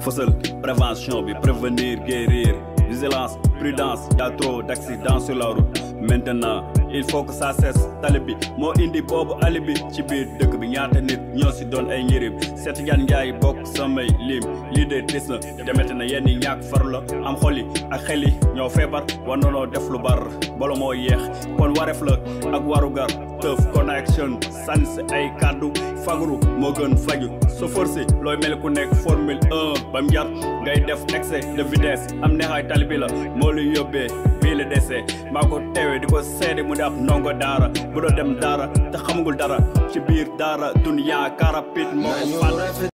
Fossil, prévention prévenir guérir vigilance prudence y a trop d'accidents sur la route maintenant il faut que ça cesse Talibi, bi moo indi Bob, alibi ci biir dëkk bi ñaata nit ñoo si doon ay njëriñ seet yan njaay bok, samay lim lii de triste na demete na yenn ñàkk faru la am xol yi ak xel ñoo feebar war nanoo def lu bar bolo moo yeex kon wareef la ak connection sans ay Fagrou, fagaru Fagou gën faju so forcé loy mel formule 1 bam jàpp ngay def excès de vitesse am neexaay tali bi la moo lu yóbbee bii la desee maa ko di ko seede mu di ab ndongo daara bu dem daara te xamagul dara ci biir daara dun yaa karapit moo ko